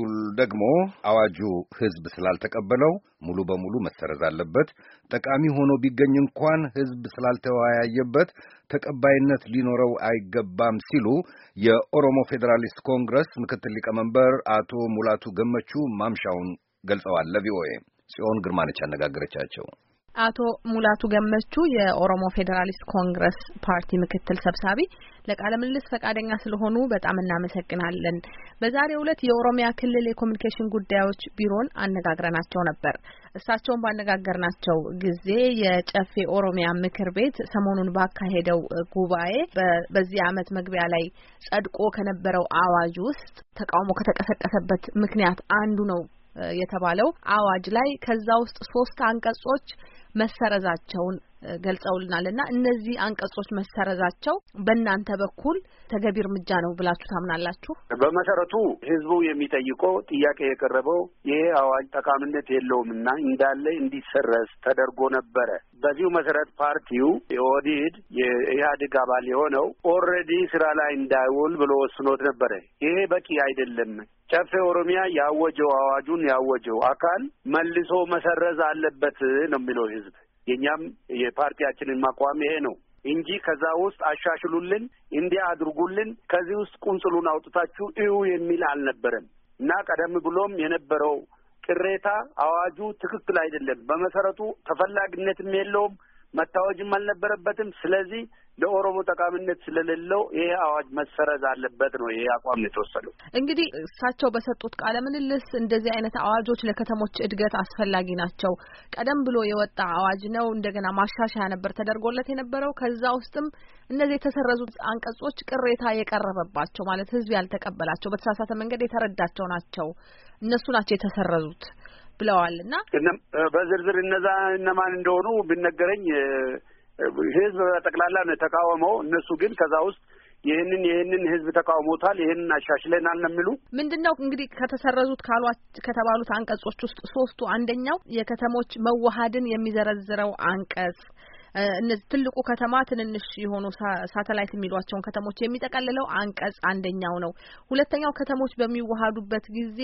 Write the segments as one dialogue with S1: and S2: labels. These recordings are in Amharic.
S1: በኩል ደግሞ አዋጁ ሕዝብ ስላልተቀበለው ሙሉ በሙሉ መሰረዝ አለበት፣ ጠቃሚ ሆኖ ቢገኝ እንኳን ሕዝብ ስላልተወያየበት ተቀባይነት ሊኖረው አይገባም ሲሉ የኦሮሞ ፌዴራሊስት ኮንግረስ ምክትል ሊቀመንበር አቶ ሙላቱ ገመቹ ማምሻውን ገልጸዋል። ለቪኦኤ ጽዮን ግርማ ነች ያነጋገረቻቸው።
S2: አቶ ሙላቱ ገመቹ የኦሮሞ ፌዴራሊስት ኮንግረስ ፓርቲ ምክትል ሰብሳቢ ለቃለ ምልልስ ፈቃደኛ ስለሆኑ በጣም እናመሰግናለን። በዛሬው ዕለት የኦሮሚያ ክልል የኮሚኒኬሽን ጉዳዮች ቢሮን አነጋግረናቸው ነበር። እሳቸውን ባነጋገርናቸው ጊዜ የጨፌ ኦሮሚያ ምክር ቤት ሰሞኑን ባካሄደው ጉባኤ በዚህ ዓመት መግቢያ ላይ ጸድቆ ከነበረው አዋጅ ውስጥ ተቃውሞ ከተቀሰቀሰበት ምክንያት አንዱ ነው የተባለው አዋጅ ላይ ከዛ ውስጥ ሶስት አንቀጾች መሰረዛቸውን ገልጸውልናል እና እነዚህ አንቀጾች መሰረዛቸው በእናንተ በኩል ተገቢ እርምጃ ነው ብላችሁ ታምናላችሁ?
S1: በመሰረቱ ህዝቡ የሚጠይቀው ጥያቄ የቀረበው ይሄ አዋጅ ጠቃሚነት የለውም እና እንዳለ እንዲሰረዝ ተደርጎ ነበረ። በዚሁ መሰረት ፓርቲው የኦዲድ የኢህአዴግ አባል የሆነው ኦልሬዲ ስራ ላይ እንዳይውል ብሎ ወስኖት ነበረ። ይሄ በቂ አይደለም፣ ጨፌ ኦሮሚያ ያወጀው አዋጁን ያወጀው አካል መልሶ መሰረዝ አለበት ነው የሚለው ህዝብ። የእኛም የፓርቲያችንን አቋም ይሄ ነው እንጂ ከዛ ውስጥ አሻሽሉልን፣ እንዲህ አድርጉልን፣ ከዚህ ውስጥ ቁንጽሉን አውጥታችሁ እዩ የሚል አልነበረም እና ቀደም ብሎም የነበረው ቅሬታ አዋጁ ትክክል አይደለም፣ በመሰረቱ ተፈላጊነትም የለውም፣ መታወጅም አልነበረበትም። ስለዚህ ለኦሮሞ ጠቃሚነት ስለሌለው ይሄ አዋጅ መሰረዝ አለበት ነው ይሄ አቋም የተወሰዱ የተወሰደው።
S2: እንግዲህ እሳቸው በሰጡት ቃለ ምልልስ እንደዚህ አይነት አዋጆች ለከተሞች እድገት አስፈላጊ ናቸው። ቀደም ብሎ የወጣ አዋጅ ነው እንደገና ማሻሻያ ነበር ተደርጎለት የነበረው ከዛ ውስጥም እነዚህ የተሰረዙት አንቀጾች ቅሬታ የቀረበባቸው ማለት ህዝብ ያልተቀበላቸው በተሳሳተ መንገድ የተረዳቸው ናቸው እነሱ ናቸው የተሰረዙት ብለዋል እና
S1: በዝርዝር እነዛ እነማን እንደሆኑ ብነገረኝ ህዝብ በጠቅላላ ነው የተቃወመው። እነሱ ግን ከዛ ውስጥ ይህንን ይህንን ህዝብ ተቃውሞታል፣ ይህንን አሻሽለናል ነው የሚሉ
S2: ምንድን ነው እንግዲህ ከተሰረዙት ካሏት ከተባሉት አንቀጾች ውስጥ ሶስቱ አንደኛው የከተሞች መዋሀድን የሚዘረዝረው አንቀጽ እነዚህ ትልቁ ከተማ ትንንሽ የሆኑ ሳተላይት የሚሏቸውን ከተሞች የሚጠቀልለው አንቀጽ አንደኛው ነው። ሁለተኛው ከተሞች በሚዋሃዱበት ጊዜ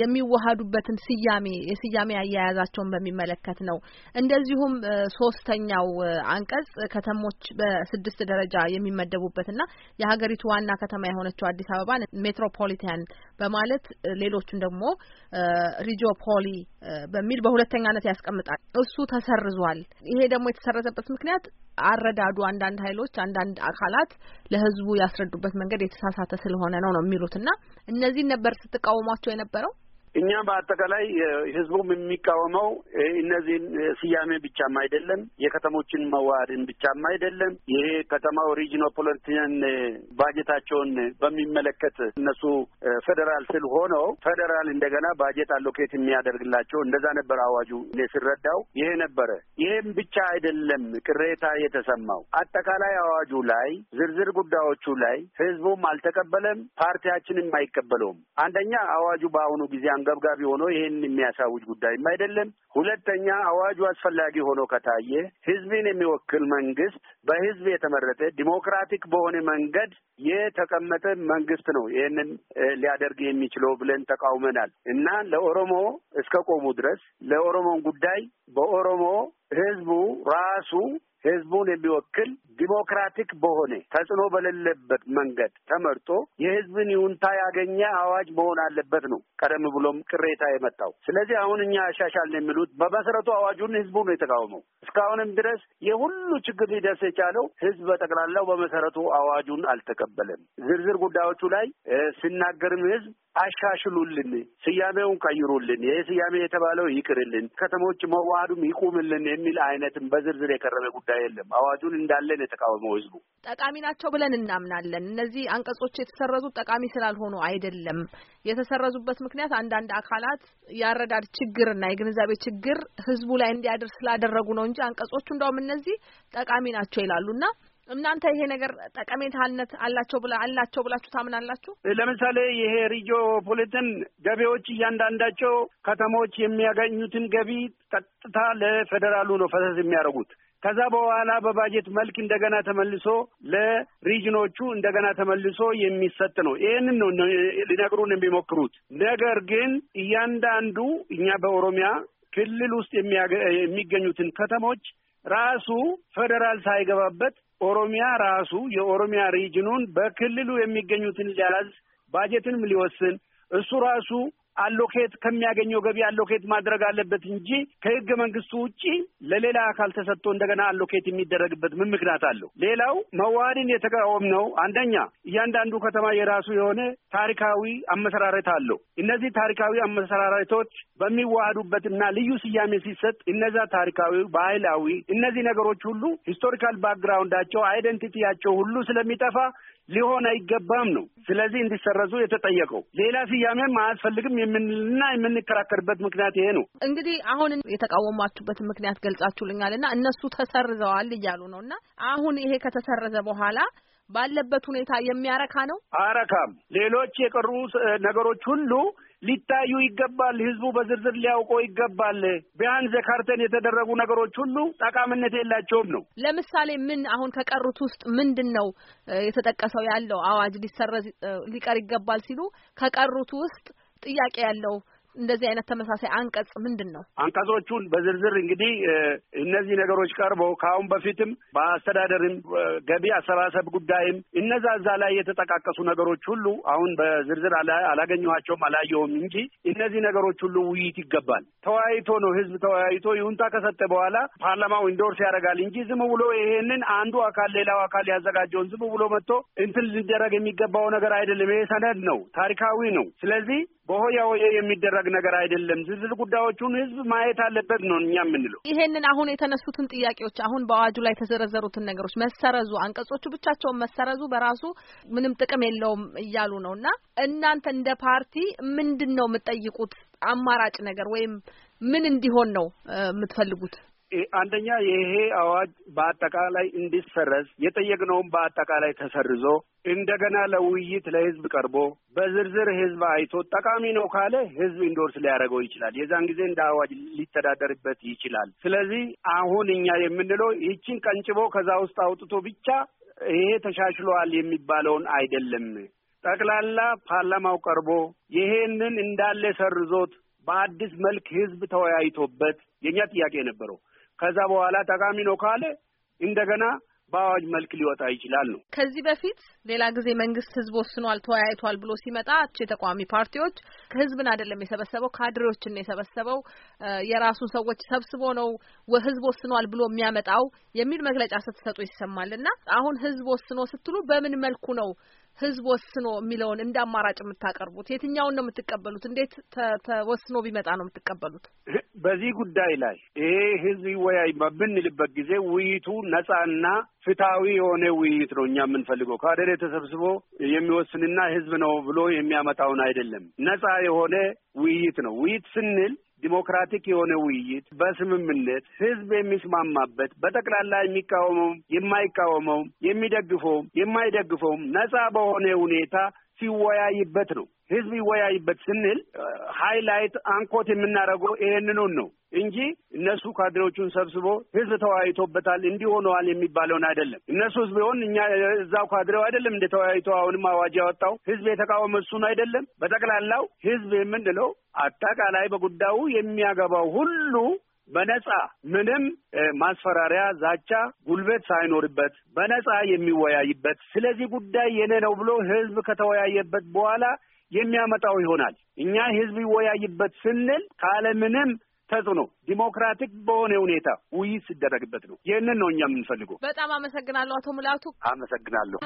S2: የሚዋሃዱበትን ስያሜ የስያሜ አያያዛቸውን በሚመለከት ነው። እንደዚሁም ሶስተኛው አንቀጽ ከተሞች በስድስት ደረጃ የሚመደቡበትና የሀገሪቱ ዋና ከተማ የሆነችው አዲስ አበባ ሜትሮፖሊታን በማለት ሌሎቹን ደግሞ ሪጂዮፖሊ በሚል በሁለተኛነት ያስቀምጣል። እሱ ተሰርዟል። ይሄ ደግሞ የተሰረ የተሳሳተበት ምክንያት አረዳዱ አንዳንድ ኃይሎች አንዳንድ አካላት ለህዝቡ ያስረዱበት መንገድ የተሳሳተ ስለሆነ ነው ነው የሚሉት እና እነዚህን ነበር ስትቃወሟቸው የነበረው? እኛ
S1: በአጠቃላይ ህዝቡም የሚቃወመው እነዚህን ስያሜ ብቻም አይደለም፣ የከተሞችን መዋሃድን ብቻም አይደለም። ይሄ ከተማው ሪጅኖ ፖለቲን ባጀታቸውን በሚመለከት እነሱ ፌዴራል ስል ሆነው ፌዴራል እንደገና ባጀት አሎኬት የሚያደርግላቸው እንደዛ ነበር አዋጁ። ስረዳው ይሄ ነበረ። ይሄም ብቻ አይደለም ቅሬታ የተሰማው አጠቃላይ አዋጁ ላይ ዝርዝር ጉዳዮቹ ላይ ህዝቡም አልተቀበለም፣ ፓርቲያችንም አይቀበለውም። አንደኛ አዋጁ በአሁኑ ጊዜ አንገብጋቢ ሆኖ ይህን የሚያሳውጅ ጉዳይም አይደለም። ሁለተኛ አዋጁ አስፈላጊ ሆኖ ከታየ ህዝብን የሚወክል መንግስት በህዝብ የተመረጠ ዲሞክራቲክ በሆነ መንገድ የተቀመጠ መንግስት ነው ይህንን ሊያደርግ የሚችለው ብለን ተቃውመናል እና ለኦሮሞ እስከ ቆሙ ድረስ ለኦሮሞን ጉዳይ በኦሮሞ ህዝቡ ራሱ ህዝቡን የሚወክል ዲሞክራቲክ በሆነ ተጽዕኖ በሌለበት መንገድ ተመርጦ የህዝብን ይሁንታ ያገኘ አዋጅ መሆን አለበት ነው ቀደም ብሎም ቅሬታ የመጣው። ስለዚህ አሁን እኛ ያሻሻልን የሚሉት በመሰረቱ አዋጁን ህዝቡ ነው የተቃወመው። እስካሁንም ድረስ የሁሉ ችግር ሊደርስ የቻለው ህዝብ በጠቅላላው በመሰረቱ አዋጁን አልተቀበለም። ዝርዝር ጉዳዮቹ ላይ ሲናገርም ህዝብ አሻሽሉልን፣ ስያሜውን ቀይሩልን፣ ይህ ስያሜ የተባለው ይቅርልን፣ ከተሞች መዋሃዱም ይቁምልን የሚል አይነትም በዝርዝር የቀረበ ጉዳይ የለም። አዋጁን እንዳለን የተቃወመው ህዝቡ
S2: ጠቃሚ ናቸው ብለን እናምናለን። እነዚህ አንቀጾች የተሰረዙት ጠቃሚ ስላልሆኑ አይደለም። የተሰረዙበት ምክንያት አንዳንድ አካላት የአረዳድ ችግርና የግንዛቤ ችግር ህዝቡ ላይ እንዲያደርስ ስላደረጉ ነው እንጂ አንቀጾቹ እንዳውም እነዚህ ጠቃሚ ናቸው ይላሉና እናንተ ይሄ ነገር ጠቀሜታነት አላቸው ብላ አላቸው ብላችሁ ታምናላችሁ?
S1: ለምሳሌ ይሄ ሪጆ ፖሊትን ገቢዎች እያንዳንዳቸው ከተሞች የሚያገኙትን ገቢ ቀጥታ ለፌዴራሉ ነው ፈሰስ የሚያደርጉት። ከዛ በኋላ በባጀት መልክ እንደገና ተመልሶ ለሪጅኖቹ እንደገና ተመልሶ የሚሰጥ ነው። ይህንን ነው ሊነግሩን የሚሞክሩት። ነገር ግን እያንዳንዱ እኛ በኦሮሚያ ክልል ውስጥ የሚገኙትን ከተሞች ራሱ ፌዴራል ሳይገባበት ኦሮሚያ ራሱ የኦሮሚያ ሪጅኑን በክልሉ የሚገኙትን ሊያዝ ባጀትንም ሊወስን እሱ ራሱ አሎኬት ከሚያገኘው ገቢ አሎኬት ማድረግ አለበት እንጂ ከህገ መንግስቱ ውጪ ለሌላ አካል ተሰጥቶ እንደገና አሎኬት የሚደረግበት ምን ምክንያት አለው? ሌላው መዋሃድን የተቃወም ነው። አንደኛ እያንዳንዱ ከተማ የራሱ የሆነ ታሪካዊ አመሰራረት አለው። እነዚህ ታሪካዊ አመሰራረቶች እና ልዩ ስያሜ ሲሰጥ እነዛ ታሪካዊ፣ ባህላዊ እነዚህ ነገሮች ሁሉ ሂስቶሪካል ባክግራውንዳቸው አይደንቲቲያቸው ሁሉ ስለሚጠፋ ሊሆን አይገባም ነው። ስለዚህ እንዲሰረዙ የተጠየቀው ሌላ ስያሜም አያስፈልግም የምንልና የምንከራከርበት ምክንያት ይሄ ነው።
S2: እንግዲህ አሁን የተቃወማችሁበትን ምክንያት ገልጻችሁልኛል እና እነሱ ተሰርዘዋል እያሉ ነው እና አሁን ይሄ ከተሰረዘ በኋላ ባለበት ሁኔታ የሚያረካ ነው።
S1: አረካም ሌሎች የቀሩ ነገሮች ሁሉ ሊታዩ ይገባል። ህዝቡ በዝርዝር ሊያውቀው ይገባል። ቢያንስ ካርተን የተደረጉ ነገሮች ሁሉ ጠቃሚነት የላቸውም ነው።
S2: ለምሳሌ ምን አሁን ከቀሩት ውስጥ ምንድን ነው የተጠቀሰው ያለው አዋጅ ሊሰረዝ ሊቀር ይገባል ሲሉ ከቀሩት ውስጥ ጥያቄ ያለው እንደዚህ አይነት ተመሳሳይ አንቀጽ ምንድን ነው?
S1: አንቀጾቹን በዝርዝር እንግዲህ እነዚህ ነገሮች ቀርበው ከአሁን በፊትም በአስተዳደርም ገቢ አሰባሰብ ጉዳይም እነዛ እዛ ላይ የተጠቃቀሱ ነገሮች ሁሉ አሁን በዝርዝር አላገኘኋቸውም አላየውም እንጂ እነዚህ ነገሮች ሁሉ ውይይት ይገባል። ተወያይቶ ነው ህዝብ ተወያይቶ ይሁንታ ከሰጠ በኋላ ፓርላማው ኢንዶርስ ያደርጋል እንጂ ዝም ብሎ ይሄንን አንዱ አካል ሌላው አካል ያዘጋጀውን ዝም ብሎ መጥቶ እንትን ሊደረግ የሚገባው ነገር አይደለም። ይሄ ሰነድ ነው፣ ታሪካዊ ነው። ስለዚህ በሆያ ሆየ የሚደረግ ነገር አይደለም። ዝርዝር ጉዳዮቹን ህዝብ ማየት አለበት ነው እኛ የምንለው።
S2: ይሄንን አሁን የተነሱትን ጥያቄዎች አሁን በአዋጁ ላይ የተዘረዘሩትን ነገሮች መሰረዙ፣ አንቀጾቹ ብቻቸውን መሰረዙ በራሱ ምንም ጥቅም የለውም እያሉ ነው እና እናንተ እንደ ፓርቲ ምንድን ነው የምትጠይቁት አማራጭ ነገር ወይም ምን እንዲሆን ነው የምትፈልጉት?
S1: አንደኛ ይሄ አዋጅ በአጠቃላይ እንዲሰረዝ የጠየቅነውም በአጠቃላይ ተሰርዞ እንደገና ለውይይት ለህዝብ ቀርቦ በዝርዝር ህዝብ አይቶ ጠቃሚ ነው ካለ ህዝብ ኢንዶርስ ሊያደርገው ይችላል። የዛን ጊዜ እንደ አዋጅ ሊተዳደርበት ይችላል። ስለዚህ አሁን እኛ የምንለው ይችን ቀንጭቦ ከዛ ውስጥ አውጥቶ ብቻ ይሄ ተሻሽሏል የሚባለውን አይደለም። ጠቅላላ ፓርላማው ቀርቦ ይሄንን እንዳለ ሰርዞት በአዲስ መልክ ህዝብ ተወያይቶበት የእኛ ጥያቄ የነበረው ከዛ በኋላ ጠቃሚ ነው ካለ እንደገና በአዋጅ መልክ ሊወጣ ይችላል ነው።
S2: ከዚህ በፊት ሌላ ጊዜ መንግስት ህዝብ ወስኗል ተወያይቷል ብሎ ሲመጣ የተቃዋሚ ፓርቲዎች ህዝብን አይደለም የሰበሰበው ካድሬዎችን የሰበሰበው የራሱን ሰዎች ሰብስቦ ነው ህዝብ ወስኗል ብሎ የሚያመጣው የሚል መግለጫ ስትሰጡ ይሰማል። እና አሁን ህዝብ ወስኖ ስትሉ በምን መልኩ ነው ህዝብ ወስኖ የሚለውን እንደ አማራጭ የምታቀርቡት የትኛውን ነው የምትቀበሉት? እንዴት ተወስኖ ቢመጣ ነው የምትቀበሉት?
S1: በዚህ ጉዳይ ላይ ይሄ ህዝብ ይወያይ በምንልበት ጊዜ ውይይቱ ነጻና ፍትሐዊ የሆነ ውይይት ነው እኛ የምንፈልገው። ካደሬ ተሰብስቦ የሚወስንና ህዝብ ነው ብሎ የሚያመጣውን አይደለም። ነጻ የሆነ ውይይት ነው። ውይይት ስንል ዲሞክራቲክ የሆነ ውይይት በስምምነት ህዝብ የሚስማማበት በጠቅላላ የሚቃወመውም የማይቃወመውም የሚደግፈውም የማይደግፈውም ነጻ በሆነ ሁኔታ ሲወያይበት ነው። ህዝብ ይወያይበት ስንል ሃይላይት አንኮት የምናደርገው ይሄንኑን ነው እንጂ እነሱ ካድሬዎቹን ሰብስቦ ህዝብ ተወያይቶበታል እንዲህ ሆነዋል የሚባለውን አይደለም። እነሱ ህዝብ ሆን እኛ እዛው ካድሬው አይደለም እንደ ተወያይቶ አሁንም አዋጅ ያወጣው ህዝብ የተቃወመ እሱን አይደለም። በጠቅላላው ህዝብ የምንለው አጠቃላይ በጉዳዩ የሚያገባው ሁሉ በነጻ ምንም ማስፈራሪያ፣ ዛቻ፣ ጉልበት ሳይኖርበት በነጻ የሚወያይበት ስለዚህ ጉዳይ የኔ ነው ብሎ ህዝብ ከተወያየበት በኋላ የሚያመጣው ይሆናል። እኛ ህዝብ ይወያይበት ስንል ካለምንም ተጽዕኖ ዲሞክራቲክ በሆነ ሁኔታ ውይይት ሲደረግበት ነው። ይህንን ነው እኛ የምንፈልገው።
S2: በጣም አመሰግናለሁ አቶ ሙላቱ።
S1: አመሰግናለሁ።